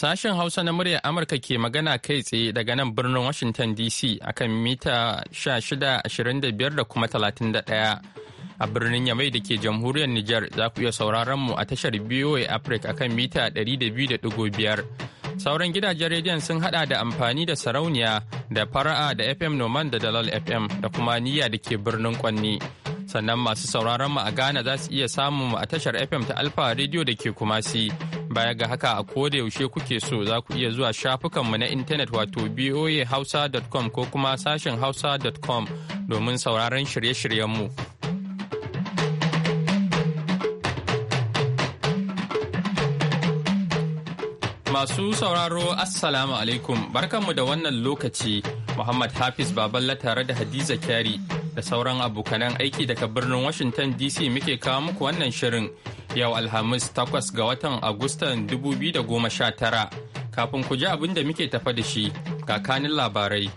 Sashen Hausa na muryar Amurka ke magana kai tsaye daga nan birnin Washington DC akan mita 1625 da kuma 31. A birnin Yamai da ke jamhuriyar Nijar za ku iya sauraron mu a tashar BOA Africa akan mita 200.5. Sauran gidajen rediyon sun hada da amfani da sarauniya da fara'a da FM Noman da Dalal FM da kuma niyya da ke birnin Kwanni. sannan masu sauraron mu a Ghana za su iya samun mu a tashar FM ta Alfa Radio da ke Kumasi. Baya ga haka a koda yaushe kuke so za ku iya zuwa shafukanmu na intanet wato boahausa.com ko kuma sashen hausa.com domin sauraron shirye-shiryenmu. Masu sauraro Assalamu alaikum barkanmu da wannan lokaci Muhammad Hafiz Baballa tare da Hadiza Kyari da sauran abokanan aiki daga birnin Washington DC muke kawo muku wannan shirin yau Alhamis takwas ga watan Agustan 2019 kafin ku ji abin da muke tafa da shi ga kakanin labarai.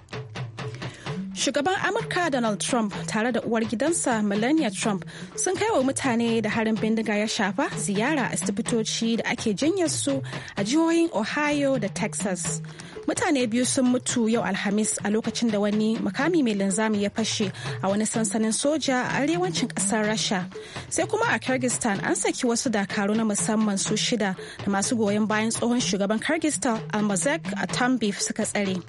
Shugaban Amurka Donald Trump tare da uwar gidansa Melania Trump sun kai wa mutane da harin bindiga ya shafa ziyara asibitoci da ake su a jihohin Ohio da Texas. Mutane biyu sun mutu yau Alhamis a lokacin da wani makami mai linzami ya fashe a wani sansanin soja a arewacin ƙasar Rasha. Sai kuma a Kyrgyzstan an saki wasu dakaru na musamman su shida da masu goyon bayan tsohon shugaban Kyrgyzstan Almazek Tambif suka tsare.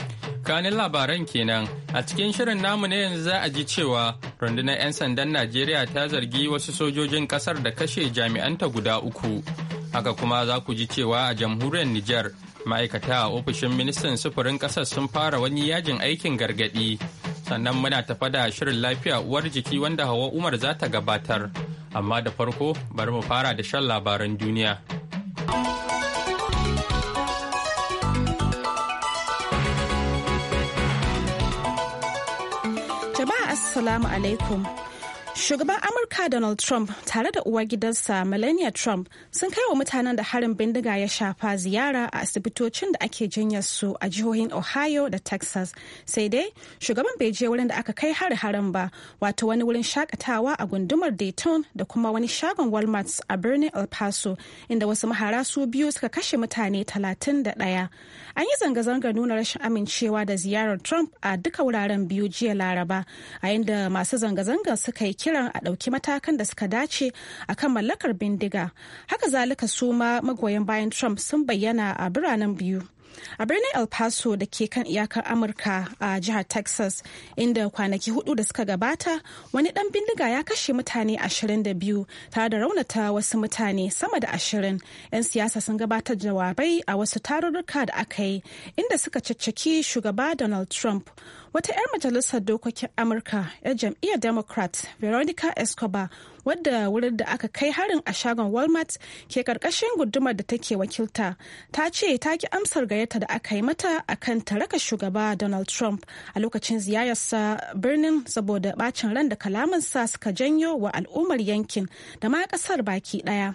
dukkanin labaran kenan a cikin shirin namu na yanzu za a ji cewa rundunar 'yan sandan najeriya ta zargi wasu sojojin kasar da kashe jami'anta guda uku haka kuma za ku ji cewa a jamhuriyar Nijar. ma'aikata a ofishin ministan sufurin kasar sun fara wani yajin aikin gargadi sannan muna tafa da shirin lafiya uwar jiki wanda hawa umar za ta gabatar amma da farko bari mu fara da shan labaran duniya. Assalamu alaikum. Shugaban Amurka Donald Trump tare da uwar gidansa Melania Trump sun kai wa mutanen da harin bindiga ya shafa ziyara a asibitocin da ake su a jihohin Ohio da Texas. Sai dai shugaban bai je wurin da aka kai hari harin ba, wato wani wurin shakatawa a gundumar Dayton da kuma wani shagon Walmart a birnin El Paso inda wasu mahara su biyu suka kashe mutane talatin da ɗaya An yi zanga-zangar nuna rashin amincewa da ziyarar Trump a duka wuraren biyu jiya Laraba, a inda masu zanga-zangar suka yi kiran a ɗauki matakan da suka dace akan mallakar bindiga haka zalika su ma magoyan bayan trump sun bayyana a biranen biyu a birnin el paso da ke kan iyakar amurka a jihar texas inda kwanaki hudu da suka gabata wani dan bindiga ya kashe mutane 22 tare da raunata wasu mutane sama da 20 'yan siyasa sun gabatar jawabai a wasu tarurruka da aka yi inda suka cicciki shugaba donald trump wata 'yar majalisar dokokin amurka 'yar jam'iyyar democrat veronica escobar wadda wurin da aka kai harin a shagon walmart ke karkashin gudumar da take wakilta ta ce ta ki amsar gayyata da aka yi mata a akan taraka shugaba donald trump a lokacin ziyararsa birnin saboda bacin ran da kalamansa suka janyo wa al'ummar yankin da ma kasar baki daya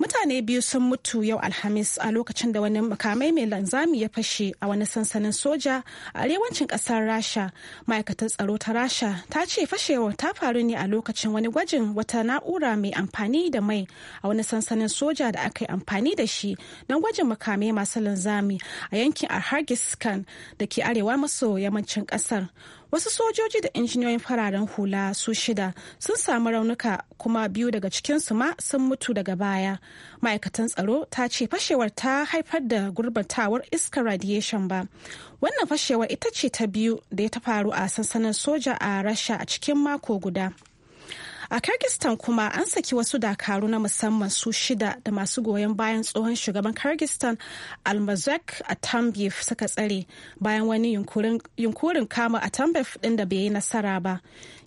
mutane biyu sun mutu yau alhamis a lokacin da wani makamai mai lanzami ya fashe a wani sansanin soja a arewacin kasar rasha ma'aikatar tsaro ta rasha ta ce fashewar ta faru ne a lokacin wani gwajin wata na'ura mai amfani da mai a wani sansanin soja da aka yi amfani da shi don gwajin makamai masu lanzami a yankin arhagiskan da ke arewa maso yammacin kasar wasu sojoji da injiniyoyin fararen hula su shida sun samu raunuka kuma biyu daga cikinsu ma sun mutu daga baya ma'aikatan tsaro ta ce fashewar ta haifar da gurbatawar iskar radiation ba wannan fashewar ita ce ta biyu da ya ta faru a sansanin soja a rasha a cikin mako guda a kyrgyzstan kuma an saki wasu dakaru na musamman su shida da masu goyon bayan tsohon shugaban kyrgyzstan almazek atambev suka tsare bayan wani yunkurin kama atambev ɗin da bai yi nasara ba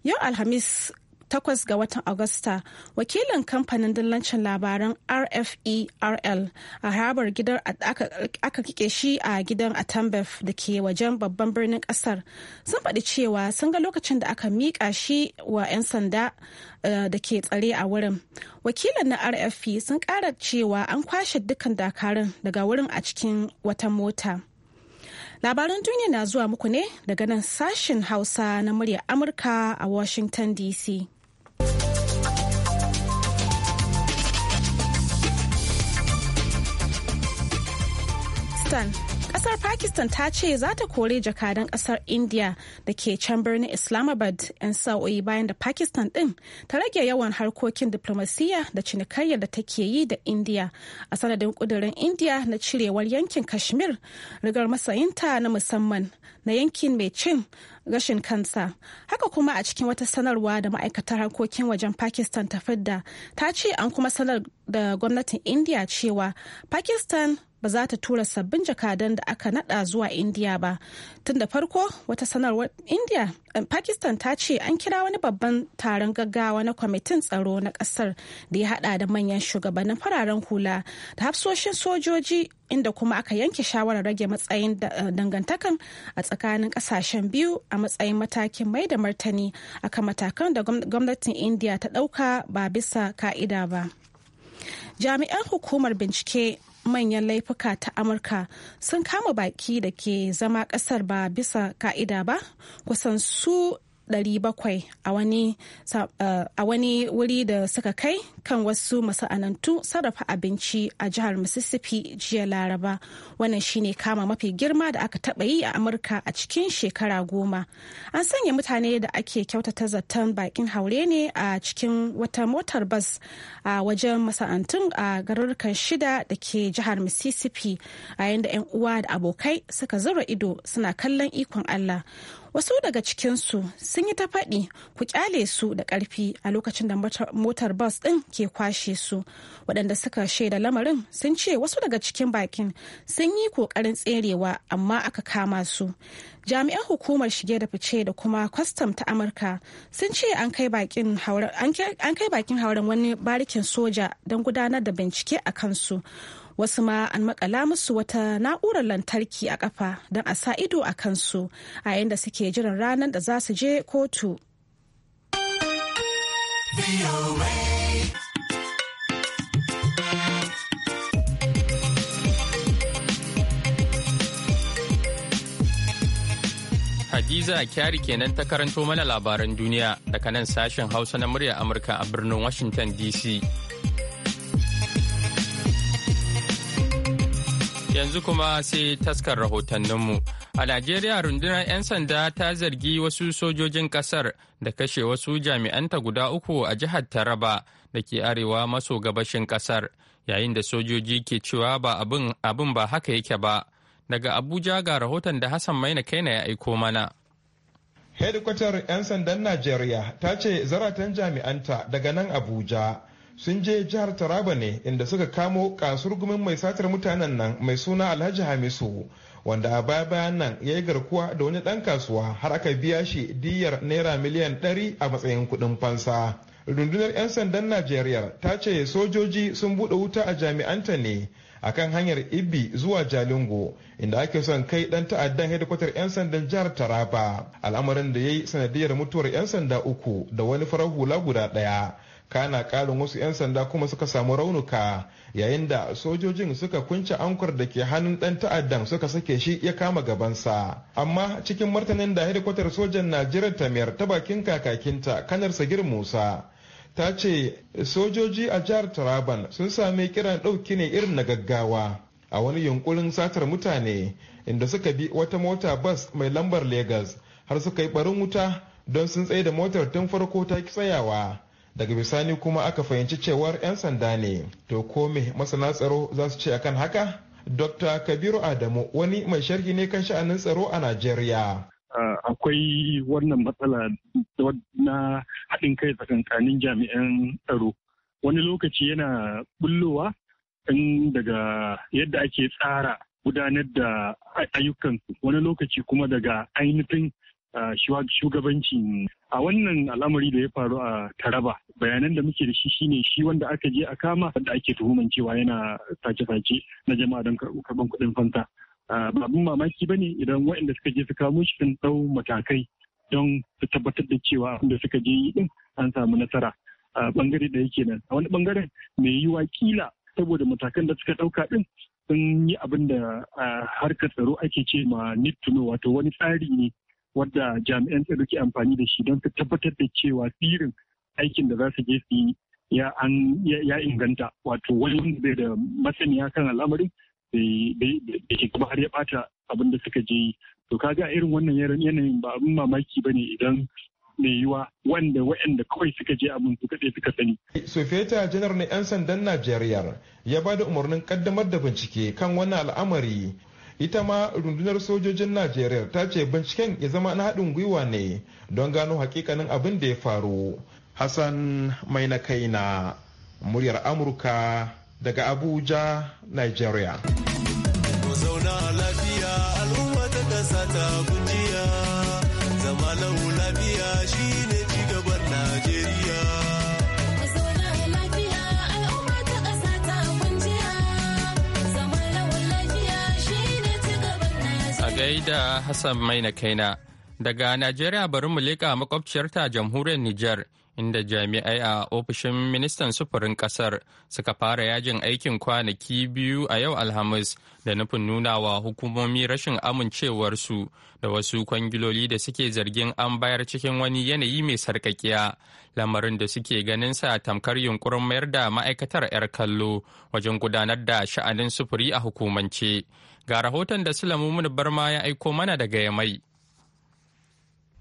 yau alhamis 8 ga watan Agusta, wakilin kamfanin dillancin labaran RFERL a harabar gidan aka kike shi a gidan Atambef da ke wajen babban birnin kasar sun faɗi cewa sun ga lokacin da aka miƙa shi wa 'yan sanda eh, da ke tsare a wurin. Wakilan na RFP e sun ƙara cewa an kwashe dukkan dakarun daga wurin a cikin wata mota. labaran duniya na zuwa muku ne daga nan sashen hausa na murya amurka a washington dc Pakistan. Kasar Pakistan ta ce za ta kore jakadan kasar India da ke can birnin Islamabad 'yan sa'o'i bayan da Pakistan ɗin ta rage yawan harkokin diplomasiyya da cinikayyar da take yi da India a sanadin kudurin India na cirewar yankin Kashmir rigar masayinta na musamman na yankin mai cin rashin kansa haka kuma a cikin wata sanarwa da ma'aikatar harkokin wajen pakistan ta fidda ta ce an kuma sanar da gwamnatin india cewa pakistan ba za ta tura sabbin jakadan da aka nada zuwa india ba tun da farko wata sanarwar india eh, pakistan ta ce an kira wani babban taron gaggawa na kwamitin tsaro na kasar da ya hada da manyan shugabannin fararen hula da hafsoshin sojoji inda kuma aka yanke shawarar rage matsayin eh, dangantakan a tsakanin kasashen biyu a matsayin matakin mai da martani akan matakan da gwamnatin india ta ɗauka ba bisa ka'ida ba jami'an hukumar bincike manyan laifuka ta amurka sun kama baki da ke zama kasar ba bisa ka'ida ba kusan su 700 a wani wuri da suka kai kan wasu masa'anantu sarrafa abinci a jihar mississippi jiya laraba wannan shine kama mafi girma da aka taba yi a amurka a cikin shekara goma an sanya mutane da ake kyautata zaton bakin haure ne a cikin wata motar bas a wajen masa'antun a garurrukan shida da ke jihar mississippi a yayin 'yan uwa da abokai suka zura ido suna kallon ikon allah wasu daga cikinsu sun yi ta faɗi ku kyale su da ƙarfi a lokacin da motar bas ɗin ke kwashe su waɗanda suka shaida lamarin sun ce wasu daga cikin bakin sun yi ƙoƙarin tserewa amma aka kama su jami'an hukumar shige da fice da kuma kwastam ta amurka sun ce an kai bakin hauren wani barikin soja don gudanar da bincike a kansu wasu ma an makala musu wata na'urar lantarki a kafa don a sa ido a kansu a yayin da suke jiran ranar da za su je kotu. Hadiza Kyari kenan ta karanto mana labaran duniya daga nan sashen Hausa na murya Amurka a birnin Washington DC. Yanzu kuma sai taskar rahotanninmu. A Najeriya rundunar 'yan sanda ta zargi wasu sojojin kasar da kashe wasu jami'anta guda uku a jihar Taraba da ke arewa maso gabashin kasar, yayin da sojoji ke cewa ba abin ba haka yake ba. Daga Abuja ga rahoton da Hassan Maina Kaina ya aiko mana. Hedikwatar 'yan sandan Najeriya ta ce zaratan jami'anta daga nan Abuja. sun je jihar taraba ne inda suka kamo kasurgumin mai satar mutanen nan mai suna alhaji hamisu wanda a baya bayan nan ya yi garkuwa da wani dan kasuwa har aka biya shi diyar naira miliyan 100 a matsayin kudin fansa rundunar 'yan sandan najeriya ta ce sojoji sun buɗe wuta a jami'anta ne akan hanyar ibi zuwa jalingo inda ake son kai dan ta'addan hedikwatar 'yan sandan jihar taraba al'amarin da ya yi sanadiyar mutuwar 'yan sanda uku da wani farar hula guda daya. kana karin wasu 'yan sanda kuma suka samu raunuka yayin da sojojin suka kunce ankur da ke hannun dan ta'addan suka sake shi ya kama gabansa amma cikin martanin da hedikwatar sojan najeriya tamiyar ta bakin kakakinta kanar sagir musa ta ce sojoji a jihar taraban sun sami kiran ɗauki ne irin na gaggawa a wani yunkurin satar mutane inda suka bi wata mota bas mai lambar Legas har suka yi barin wuta don sun tsaye da motar tun farko ta tsayawa daga bisani kuma aka fahimci cewar 'yan sanda ne to ko me masana tsaro za su ce akan haka dr kabiru adamu wani mai sharhi ne kan sha'anin tsaro a najeriya akwai wannan matsala na haɗin kai tsakankanin jami'an tsaro wani lokaci yana bullowa in daga yadda ake tsara gudanar da ayyukansu wani lokaci kuma daga ainihin Shugabanci a wannan al'amari da ya faru a taraba bayanan da muke da shi shine shi wanda aka je a kama da ake tuhuman cewa yana sace-sace na jama'a don karɓar kuɗin fanta ba abin mamaki ba ne idan waɗanda suka je su kamo shi sun ɗau matakai don su tabbatar da cewa da suka je yi ɗin, an samu nasara a bangare da yake nan a wani bangaren mai yiwa kila saboda matakan da suka ɗauka ɗin sun yi abin da harkar tsaro ake ce ma nittuno wato wani tsari ne wadda jami'an tsaro ke amfani da shi don su tabbatar da cewa tsirin aikin da za su je su yi ya inganta wato wani bai da masaniya kan al'amarin da ke kuma har ya bata abin da suka je yi to kaga irin wannan yanayin ba abin mamaki ba ne idan mai yiwa wanda waɗanda kawai suka je abin su kaɗai suka sani. Sofeta janar na 'yan sandan Najeriya ya ba da umarnin kaddamar da bincike kan wannan al'amari ita ma rundunar sojojin najeriya ta ce binciken ya zama na haɗin gwiwa ne don gano hakikanin abin da ya faru hassan mai na kaina muryar amurka daga abuja nigeria zauna lafiya al'umma ta ta kujiya da Hassan Maina Kaina. Daga Najeriya bari mu leƙa makwabciyarta jamhuriyar Nijar inda jami'ai a ofishin ministan sufurin kasar suka fara yajin aikin kwanaki biyu a yau alhamis da nufin nuna wa hukumomi rashin amincewarsu da wasu kwangiloli da suke zargin an bayar cikin wani yanayi mai sarkakiya lamarin da suke ganin sa tamkar yunkurin mayar da ma'aikatar 'yar kallo wajen gudanar da sha'anin sufuri a hukumance ga rahoton da sulamu barma ya aiko mana daga yamai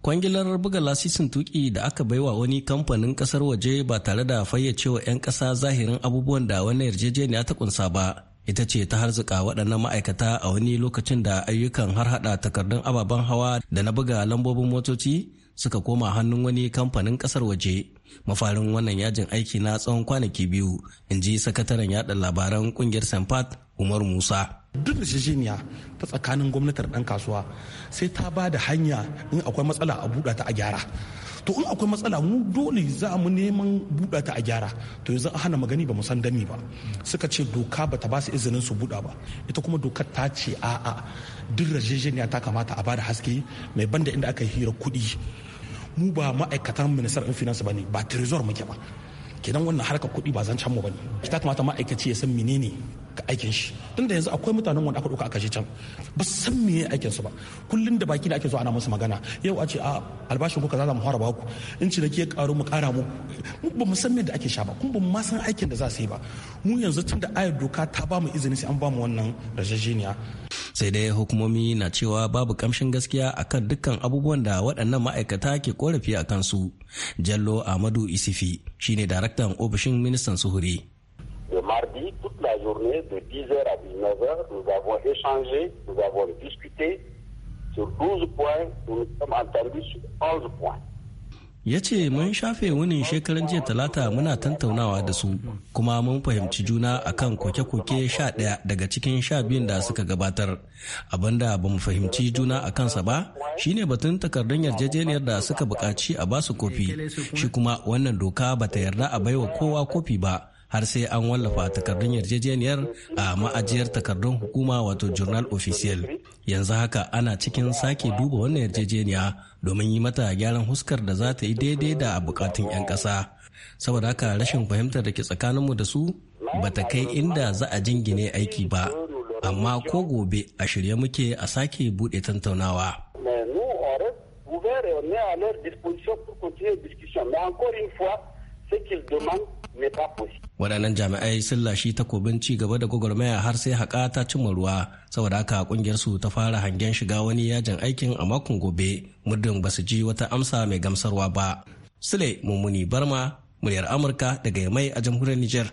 Kwangilar buga lasisin tuki da aka baiwa wani kamfanin kasar waje ba tare da fayyacewa 'yan ƙasa zahirin abubuwan da wannan yarjejeniya ta kunsa ba. Ita ce ta harzuka waɗannan ma'aikata a wani lokacin da ayyukan har hada takardun ababen hawa da na buga lambobin motoci suka koma hannun wani kamfanin kasar waje. Mafarin wannan yajin aiki na tsawon kwanaki biyu, in ji sakataren yaɗa labaran ƙungiyar Pat Umar Musa. duk da shishiniya ta tsakanin gwamnatar dan kasuwa sai ta ba da hanya in akwai matsala a buɗa ta a gyara to in akwai matsala mu dole za mu neman buɗa ta a gyara to yanzu hana magani ba san dami ba suka ce doka ba ta ba su izinin su buɗa ba ita kuma dokar ta ce a'a duk rajejeniya ta kamata a ba da haske mai banda inda aka hira kuɗi mu ba ma'aikatan ministar in finance ba ne ba trezor muke ba kenan wannan harkar kuɗi ba zan can mu ba ne ta kamata ma'aikaci ya san menene aikin shi tunda yanzu akwai mutanen wanda aka ɗauka aka je can ba san me aikin su ba kullun da baki da ake zo ana musu magana yau a ce a albashin kuka za mu fara baku in ci da ke karu mu kara mu ba mu san me da ake sha ba kun ba mu san aikin da za su yi ba mu yanzu tunda ayar doka ta ba mu izini sai an ba mu wannan rajajeniya sai dai hukumomi na cewa babu kamshin gaskiya akan dukkan abubuwan da waɗannan ma'aikata ke korafi a kansu jallo ahmadu isifi shine daraktan ofishin ministan suhuri la journée, de 10h à 19h, nous avons échangé, nous avons discuté sur 12 points, nous nous sommes entendus sur 11 points. ya ce mun shafe wani shekaran jiya talata muna tantaunawa da su kuma mun fahimci juna akan koke-koke sha ɗaya daga cikin sha biyun da suka gabatar abinda ba mu fahimci juna a kansa ba shine batun takardun yarjejeniyar da suka buƙaci a basu kofi shi kuma wannan doka ba ta yarda a baiwa kowa kofi ba har sai an wallafa takardun yarjejeniyar a ma'ajiyar takardun hukuma wato journal official yanzu haka ana cikin sake duba wannan yarjejeniya domin yi mata gyaran huskar da za ta yi daidai da bukatun 'yan ƙasa saboda haka rashin fahimtar da ke tsakaninmu da su ba ta kai inda za a jingine aiki ba amma ko gobe a shirye muke a sake buɗe tantaunawa. on est à leur disposition pour continuer la discussion. Mais encore une fois, ce qu'ils demandent, Waɗannan jami'ai sun lashi takobin ci gaba da gwagwarmaya har sai haƙa ta cimma ruwa saboda haka ƙungiyar su ta fara hangen shiga wani yajin aikin a makon gobe muddin ba su ji wata amsa mai gamsarwa ba. Sule Mummuni Barma, muryar Amurka daga Yamai a jamhuriyar Nijar.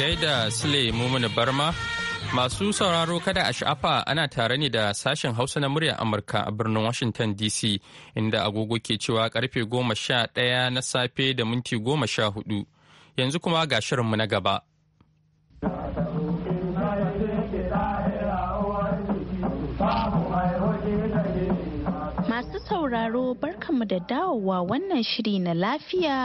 gaida Sule Mumuni Barma. Masu sauraro kada a sha'afa ana tare ne da sashen Hausa na murya Amurka a birnin Washington DC inda agogo ke cewa karfe goma sha ɗaya na safe da minti goma sha hudu. Yanzu kuma ga shirinmu na gaba. sauraro barkanmu da dawowa wannan shiri na lafiya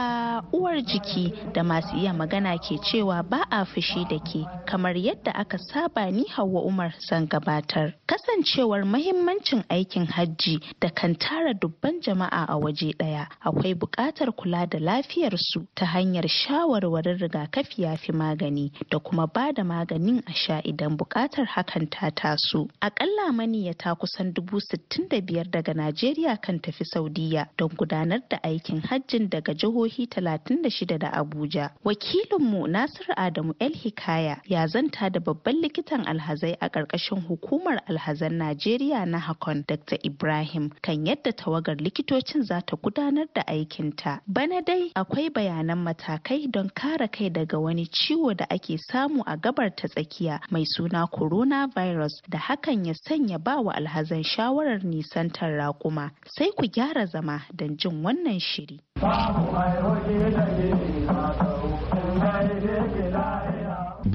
uwar jiki da masu iya magana ke cewa ba a fushi da ke kamar yadda aka saba ni hawa umar zan gabatar kasancewar mahimmancin aikin hajji da kan tara dubban jama'a a waje ɗaya akwai buƙatar kula da lafiyarsu ta hanyar shawarwarin rigakafi ya fi magani da kuma ba da maganin a sha idan buƙatar hakan ta taso aƙalla maniyyata kusan dubu sittin da biyar daga najeriya kan tafi Saudiya don gudanar da aikin hajjin daga jihohi 36 da Abuja. Wakilinmu Nasiru Adamu El Hikaya ya zanta da babban likitan alhazai a ƙarƙashin hukumar alhazan Najeriya na Hakon Dr. Ibrahim kan yadda tawagar likitocin za ta gudanar da aikinta. Bana dai akwai bayanan matakai don kare kai daga wani ciwo da ake samu a gabar ta tsakiya mai suna coronavirus da hakan ya sanya ba wa alhazan shawarar nisantar raƙuma sai ku gyara zama don jin wannan shiri.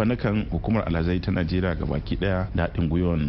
banakan hukumar alhazai ta najeriya ga baki daya da haɗin gwiwan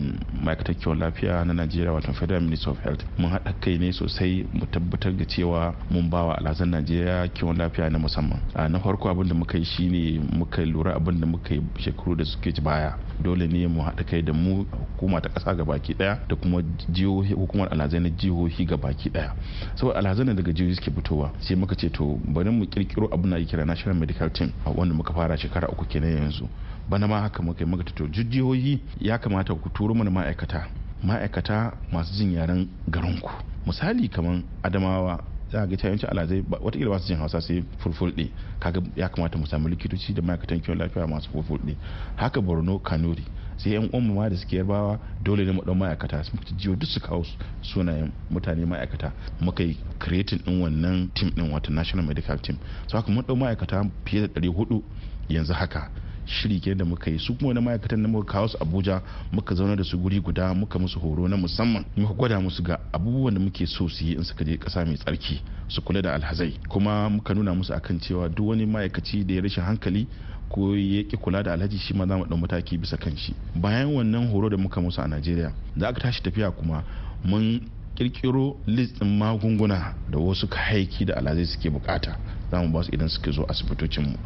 ma'aikatar kiwon lafiya na najeriya wato federal ministry of health mun haɗa kai ne sosai mu tabbatar da cewa mun bawa alhazan najeriya kiwon lafiya na musamman a na farko abin da muka yi shine muka lura abin da muka yi shekaru da suke baya dole ne mu haɗa kai da mu hukuma ta ƙasa ga baki daya da kuma jihohi hukumar alhazai na jihohi ga baki daya saboda alhazan da daga jihohi suke fitowa sai muka ce to bari mu kirkiro abin da ake kira national medical team wanda muka fara shekara uku kenan yanzu bana ma haka muka yi muka to jujjihohi ya kamata ku turo mana ma'aikata ma'aikata masu jin yaren garinku misali kamar adamawa za a ga ta yanci alazai watakila ba su jin hausa sai fulfulde kaga ya kamata mu samu likitoci da ma'aikatan kiwon lafiya masu fulfulde haka borno kanuri sai yan uwan ma da suke yarbawa dole ne mu ɗan ma'aikata su mutu jiyo duk su kawo sunayen mutane ma'aikata muka yi kiretin din wannan tim din wato national medical team so haka mun dan ma'aikata fiye da ɗari 400 yanzu haka shiri ke da muka yi su kuma wani ma'aikatan da muka kawo su abuja muka zauna da su guri guda muka musu horo na musamman muka gwada musu ga abubuwan da muke so su yi in suka je kasa mai tsarki su kula da alhazai kuma muka nuna musu akan cewa duk wani ma'aikaci da ya rashin hankali ko ya ki kula da alhaji shi ma za mu ɗan mataki bisa kan shi bayan wannan horo da muka musu a najeriya za aka tashi tafiya kuma mun kirkiro list din magunguna da wasu kayayyaki da alazai suke bukata za mu ba su idan suke zo asibitocin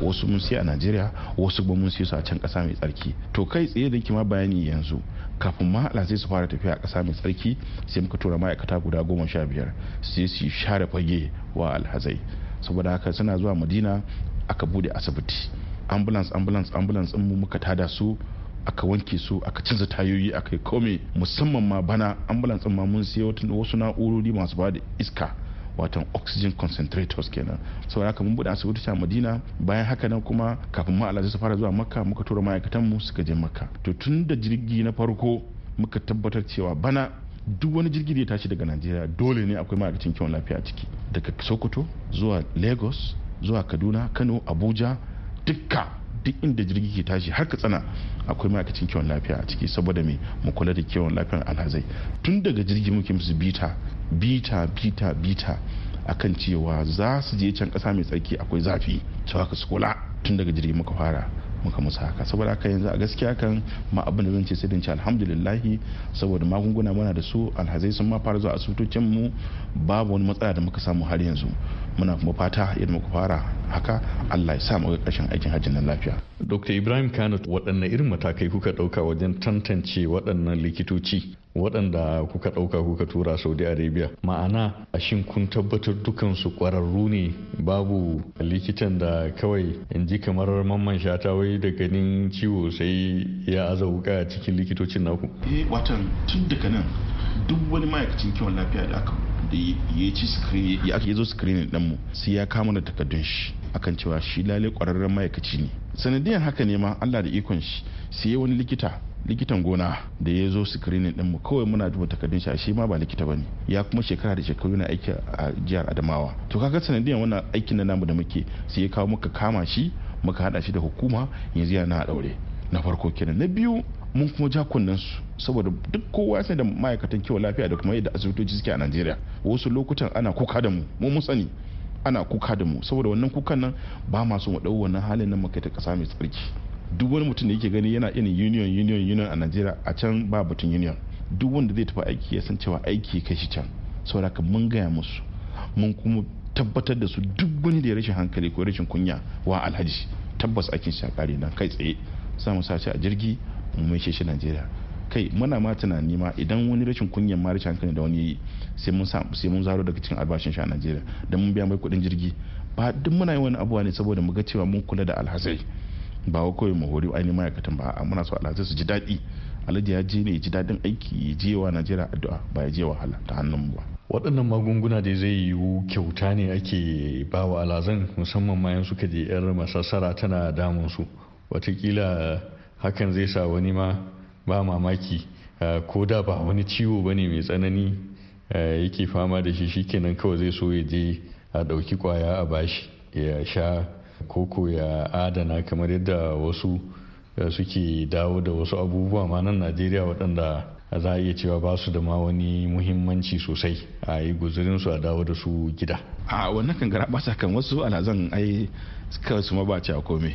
mu wasu mun siya a Najeriya wasu kuma mun siya su a can kasa mai tsarki to kai tsaye da ma bayani yanzu kafin ma alazai su fara tafiya a kasa mai tsarki sai muka tura ma'aikata guda goma sha biyar sai su share fage wa alhazai saboda haka suna zuwa madina aka bude asibiti ambulance ambulance ambulance mu muka tada su aka wanke su aka canza tayoyi aka yi kome musamman ma bana ambulance ma mun siyo wasu na'urori masu bada iska watan oxygen concentrators kenan so haka mun bude asibiti a madina bayan haka nan kuma kafin ma alhaji su fara zuwa makka muka tura ma'aikatan mu suka je makka to tun da jirgi na farko muka tabbatar cewa bana duk wani jirgi da ya tashi daga najeriya dole ne akwai ma'aikacin kiwon lafiya ciki daga sokoto zuwa lagos zuwa kaduna kano abuja dukka duk inda jirgi ke tashi har ka tsana akwai ma'aikacin kiwon lafiya a ciki saboda mai mu kula da kiwon lafiyar alhazai tun daga jirgi muke musu bita bita bita bita akan cewa za su je can kasa mai tsarki akwai zafi cewa ka su kula tun daga jirgi muka fara muka musu haka saboda haka yanzu a gaskiya kan ma abin da zan ce sai dinci alhamdulillahi saboda magunguna muna da su alhazai sun ma fara zuwa asibitocin mu babu wani matsala da muka samu har yanzu muna kuma fata yadda muka fara haka Allah ya sa mu ga karshen aikin hajjin nan lafiya Dr Ibrahim Kano waɗanne irin matakai kuka ɗauka wajen tantance waɗannan likitoci waɗanda kuka ɗauka kuka tura saudi arabia ma'ana a shin kun tabbatar dukansu ƙwararru ne babu likitan da kawai in ji kamar mamman shata wai da ganin ciwo sai ya aza wuka cikin likitocin naku eh, watan tun daga nan duk wani ma'aikacin kiwon lafiya da aka ya ci screen ya aka zo screen din mu sai ya kama da takardun shi akan cewa shi lalle kwararren ma'aikaci ne sanadiyar haka ne ma Allah da ikon shi sai wani likita likitan gona da ya zo screening din mu kawai muna duba takardun shi shi ma ba likita bane ya kuma shekara da shekaru yana aiki a jihar Adamawa to kaga sanadiyan wannan aikin na namu da muke sai ya kawo muka kama shi muka hada shi da hukuma yanzu yana a daure na farko kenan na biyu mun kuma ja kunnan su saboda duk kowa sai da ma'aikatan kiwon lafiya da kuma yadda asibitoci suke a Najeriya wasu lokutan ana kuka da mu mu mun sani ana kuka da mu saboda wannan kukan nan ba ma so mu dau wannan halin nan mu ta kasa mai tsarki duk wani mutum da yake gani yana irin union union union a najeriya a can ba batun union duk wanda zai tafi aiki ya san cewa aiki kai shi can saboda mun gaya musu mun kuma tabbatar da su duk wani da ya rashin hankali ko rashin kunya wa alhaji tabbas aikin shi na kai tsaye za mu sace a jirgi mu mai shi najeriya kai muna ma tunani ma idan wani rashin kunyan ma rashin hankali da wani yi sai mun sai mun zaro daga cikin albashin shi a najeriya da mun biya mai kuɗin jirgi ba duk muna yi wani abuwa ne saboda mu ga cewa mun kula da alhazai ba wa kawai mu hori ainihin ma'aikatan ba a muna so alhaji su ji daɗi alhaji ya je ne ya ji daɗin aiki ya je wa najeriya addu'a ba ya je wahala ta hannun ba waɗannan magunguna da zai yiwu kyauta ne ake ba wa alazan musamman ma suka je yar masassara tana damun su watakila hakan zai sa wani ma ba mamaki ko da ba wani ciwo ba ne mai tsanani yake fama da shi shi kenan kawai zai so ya je a ɗauki kwaya a bashi ya sha koko ya adana kamar yadda wasu eh, suke dawo da wasu abubuwa ma nan najeriya waɗanda za a iya cewa ba su da ma wani muhimmanci sosai a yi guzurin su a dawo da su gida a wannan kan gara basa kan wasu alazan ai kawai su ma a komai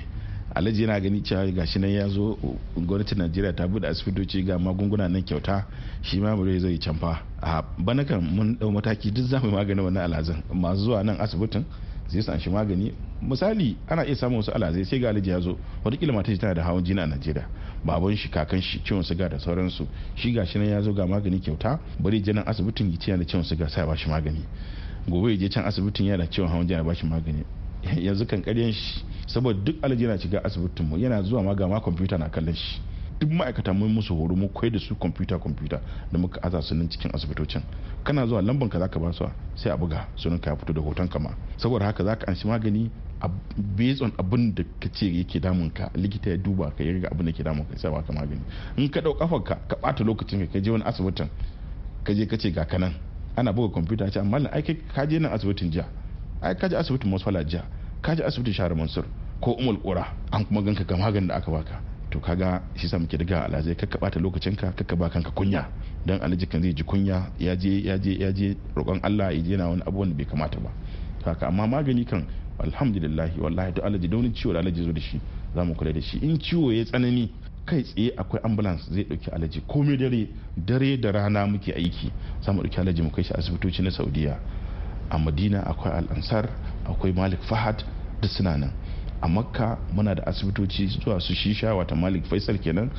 alhaji yana gani cewa gashi nan ya zo gwamnatin najeriya ta bude asibitoci ga magunguna nan kyauta shi ma bare zai canfa a bana kan mun dau mataki duk za yi magani wannan alazan masu zuwa nan asibitin sai su an shi magani misali ana iya samun wasu alazai sai ga alaji ya zo kila mata tana da hawan jini a najeriya baban shi kakan shi ciwon suga da sauransu shi ga shi nan ya zo ga magani kyauta bari je nan asibitin ya da ciwon suga sai ba shi magani gobe ya je can asibitin yana ciwon hawan jini ba shi magani yanzu kan karyan shi saboda duk alaji yana shiga asibitin mu yana zuwa ma ga ma kwamfuta na kallon shi duk ma'aikata mun musu horo mu koyar da su kwamfuta kwamfuta da muka aza su cikin asibitocin kana zuwa lamban ka zaka ba su sai a buga sunan ka ya fito da hoton kama saboda haka zaka anshi magani a based on abin da ka ce yake damun ka likita ya duba ka ya abin da ke damun ka sai baka magani in ka dau kafar ka ka bata lokacin ka je wani asibitin ka je ka ce ga kanan ana buga kwamfuta ce amma ai aiki ka je nan asibitin jiya ai ka je asibitin masfala jiya ka je asibitin shahar mansur ko umul kura an kuma ganka ga maganin da aka baka to kaga shi sa muke daga ala zai kakka bata lokacinka ka ba kanka kunya don alhaji kan zai ji kunya ya je ya je ya je roƙon Allah ya je na wani abubuwan da bai kamata ba haka amma magani kan alhamdulillah wallahi to alhaji daunin ciwo da alhaji zo da shi za mu kula da shi in ciwo ya tsanani kai tsaye akwai ambulance zai dauki alaji komai dare dare da rana muke aiki za mu dauki alaji mu kai shi asibitoci na saudiya a madina akwai al'ansar akwai malik fahad da suna nan a makka muna da asibitoci zuwa su shisha wata malik faisal kenan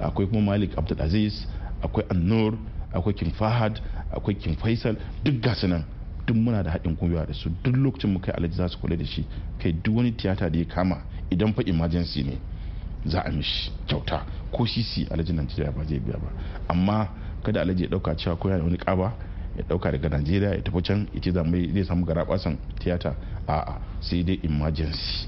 akwai kuma malik abdulaziz akwai annur akwai king fahad akwai king faisal duk gasu nan duk muna da haɗin gwiwa da su duk lokacin mu kai alaji za su kula da shi kai duk wani tiyata da ya kama idan fa emergency ne za a mishi kyauta ko sisi alhaji najeriya ba zai biya ba amma kada alhaji ya dauka cewa ko yana wani kaba ya dauka daga najeriya ya tafi can ya ce zai samu garabasan tiyata a'a sai dai emergency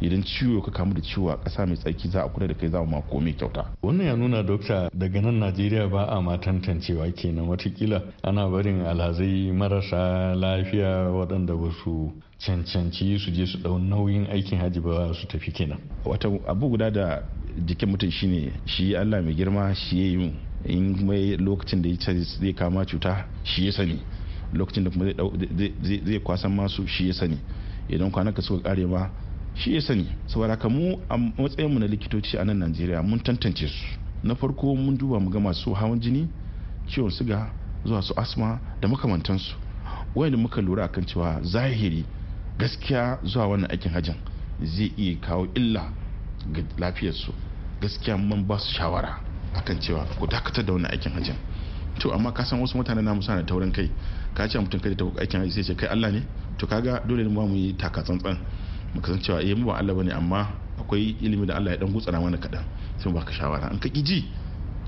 idan ciwo ka kamu da ciwo a ƙasa mai tsarki za a kula da kai za ma komai kyauta wannan ya nuna dokta daga nan najeriya ba a ma tantancewa kenan watakila ana barin alhazai marasa lafiya waɗanda ba su cancanci su je su ɗau nauyin aikin hajji ba su tafi kenan wata abu guda da jikin mutum shine shi allah mai girma shi ya yi in kuma lokacin da zai kama cuta shi ya sani lokacin da kuma zai kwasan masu shi ya sani idan kwanaka suka kare ma shi ya sani saboda mu a matsayinmu na likitoci a nan najeriya mun tantance su na farko mun duba mu ga masu hawan jini ciwon suga zuwa su asma da makamantansu wayanda muka lura akan cewa zahiri gaskiya zuwa wannan aikin hajjin zai iya kawo illa ga lafiyarsu gaskiya mun ba su shawara akan cewa ku dakatar da wannan aikin hajjin to amma ka san wasu mutane na musana taurin kai ka ce mutum kai da aikin hajji sai ce kai Allah ne to kaga dole ne mu yi taka tsantsan muka kasancewa cewa eh, mu ba Allah bane amma akwai ilimi da Allah ya dan gutsara mana kadan sai mu baka shawara an ka ji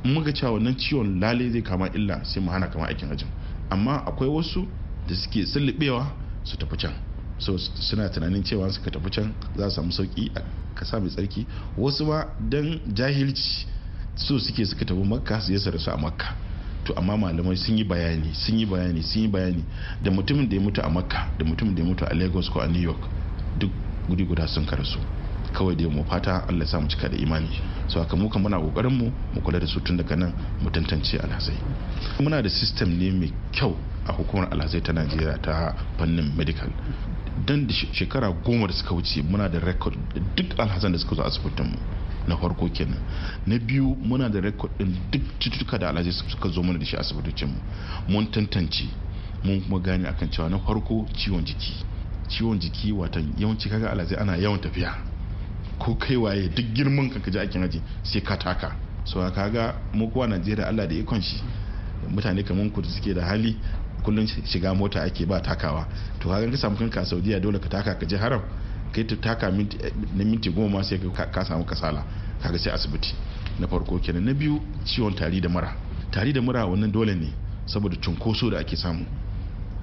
in muka cewa wannan ciwon lale zai kama illa sai mu hana kama aikin hajjin amma akwai wasu da suke sulubewa su tafi can so suna tunanin cewa suka tafi can za su samu sauki a kasa mai tsarki wasu ba dan jahilci so suke suka tafi makka su yasa da su a makka to amma malamai sun yi bayani sun yi bayani sun yi bayani da mutumin da ya mutu a makka da mutumin da ya mutu a lagos ko a new york duk guri guda sun karasu kawai dai mu fata Allah ya sa mu cika da imani so haka mu kan muna kokarin mu mu kula da su tun daga nan mu tantance alhazai muna da system ne mai kyau a hukumar alhazai ta Najeriya ta fannin medical dan da shekara goma da suka wuce muna da record duk alhazan da suka zo asibitin mu na farko kenan na biyu muna da record din duk cututtuka da alhazai suka zo mana da shi asibitocin mu mun tantance mun kuma gane akan cewa na farko ciwon jiki ciwon jiki watan yawanci kaga alazai ana yawan tafiya ko kai waye duk girman ka kaji akin haji sai ka taka so kaga mu kuwa Najeriya Allah da ikon shi mutane kaman ku suke da hali kullun shiga mota ake ba takawa to kaga ka samu kanka Saudiya dole ka taka ka haram kai ta taka na minti goma sai ka samu kasala kaga sai asibiti na farko kenan na biyu ciwon tari da mura tari da mura wannan dole ne saboda cunkoso da ake samu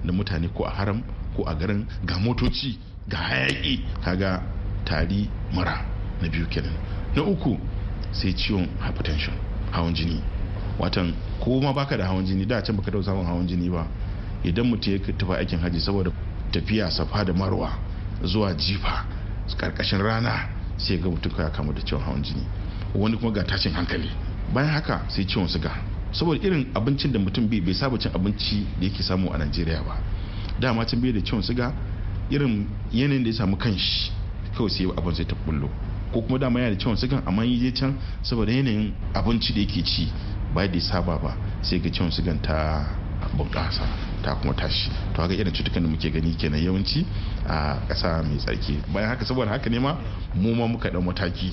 na mutane ko a haram ko a garin ga motoci ga hayaki kaga tari mara na biyu kenan na uku sai ciwon hypertension hawan jini watan ko ma baka da hawan jini da can baka da samun hawan jini ba idan mutum ya tafi aikin haji saboda tafiya safa da marwa zuwa jifa karkashin rana sai ga mutum ya kamu da ciwon hawan jini wani kuma ga tashin hankali bayan haka sai ciwon suga saboda irin abincin da mutum bai saba cin abinci da yake samu a najeriya ba dama can bai da ciwon siga irin yanayin da ya samu kanshi kawai sai abin sai ta bullo ko kuma dama yana da ciwon siga amma yi je can saboda yanayin abinci da yake ci ba da saba ba sai ga ciwon sigan ta bunƙasa ta kuma tashi to haka irin cutukan da muke gani kenan yawanci a ƙasa mai tsarki bayan haka saboda haka ne ma mu ma muka ɗau mataki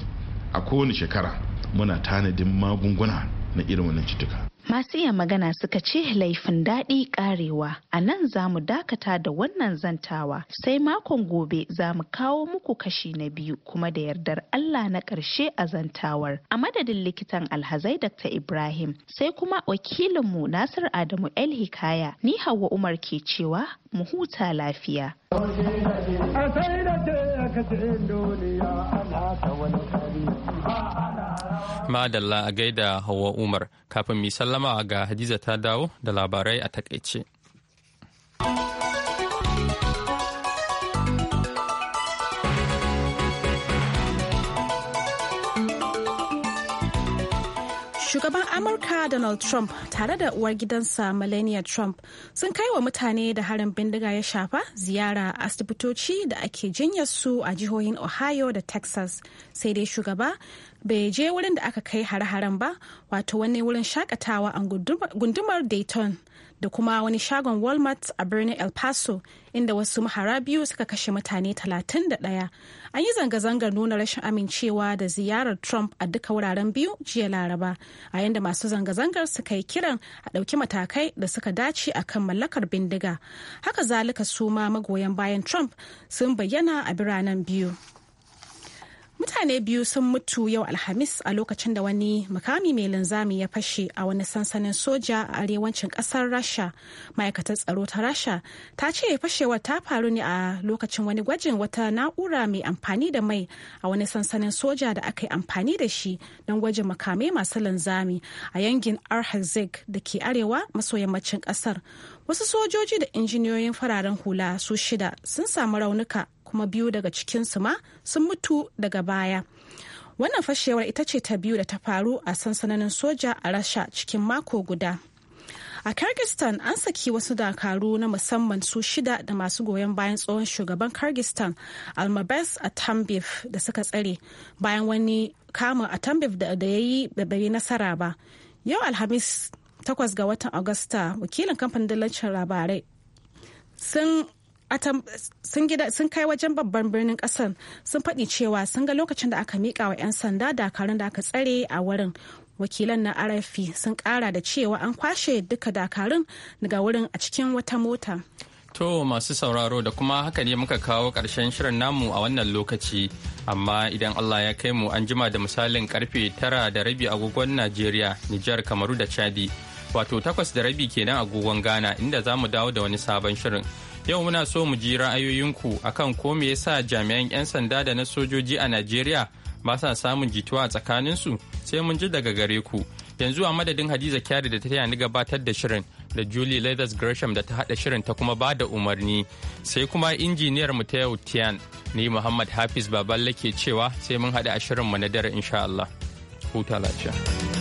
a kowane shekara muna tanadin magunguna na irin wannan cutuka Masu iya magana suka ce laifin daɗi ƙarewa, a nan za mu dakata da wannan zantawa sai makon gobe za mu kawo muku kashi na biyu kuma da yardar Allah na ƙarshe a zantawar. A madadin likitan alhazai Dr. Ibrahim sai kuma wakilinmu Nasir Adamu El Hikaya ni Hauwa Umar ke cewa mu huta lafiya. Madalla a gaida hawa Umar kafin mi sallama ga Hadiza ta dawo da labarai a takaice. Shugaban Amurka Donald Trump tare da uwar gidansa Melania Trump sun kai wa mutane da harin bindiga ya shafa ziyara asibitoci da ake jinyar su a jihohin Ohio da Texas. Sai dai shugaba bai je wurin da aka kai hare-haren ba wato wani wurin shakatawa a gundumar dayton da kuma wani shagon walmart a birnin el paso inda wasu mahara biyu suka kashe mutane 31 an yi zanga-zangar nuna rashin amincewa da ziyarar trump a duka wuraren biyu jiya laraba a yadda masu zanga-zangar suka yi kiran a ɗauki matakai da suka dace a kan mallakar bindiga haka zalika su ma magoyan bayan trump sun bayyana a biranen biyu mutane biyu sun mutu yau alhamis a lokacin da wani mukami mai linzami ya fashe a wani sansanin soja a arewacin kasar rasha ma'aikatar tsaro ta rasha ta ce fashewar ta faru ne a lokacin wani gwajin wata na'ura mai amfani da mai a wani sansanin soja da aka yi amfani da shi don gwajin makamai masu linzami a yankin arhazig da ke arewa maso yammacin kasar wasu sojoji da injiniyoyin fararen hula su shida sun samu raunuka kuma biyu daga cikinsu ma sun mutu daga baya wannan fashewar ita ce ta biyu da ta faru a sansanonin soja a rasha cikin mako guda a kyrgyzstan an saki wasu dakaru na musamman su shida da masu goyon bayan tsohon shugaban kyrgyzstan almabes a da suka tsare bayan wani kama a da ya yi bai nasara ba yau alhamis 8 ga watan agusta wakilin kamfanin dillacin labarai sun sun kai wajen babban birnin kasan sun faɗi cewa sun ga lokacin da aka miƙa wa 'yan sanda dakarun da aka tsare a wurin wakilan na rfp sun kara da cewa an kwashe duka dakarun daga wurin a cikin wata mota To masu sauraro da kuma haka ne muka kawo ƙarshen shirin namu a wannan lokaci, amma idan Allah ya kai mu an jima da misalin karfe tara da rabi agogon Najeriya, Nijar, Kamaru da Chadi, wato takwas da rabi kenan agogon Ghana inda za mu dawo da wani sabon shirin. Yau muna so mu ji ra'ayoyinku akan ko me yasa jami'an 'yan sanda da na sojoji a Najeriya ba sa samun jituwa a tsakaninsu sai mun ji daga gare ku. Yanzu a madadin Hadiza Kyari da ta taya ni gabatar da shirin da Julie Leathers Gresham da ta haɗa shirin ta kuma bada umarni sai kuma injiniyar mu ta yau Tian ni Muhammad Hafiz Baballe ke cewa sai mun haɗa a shirin mu na dare insha Allah. Huta lafiya.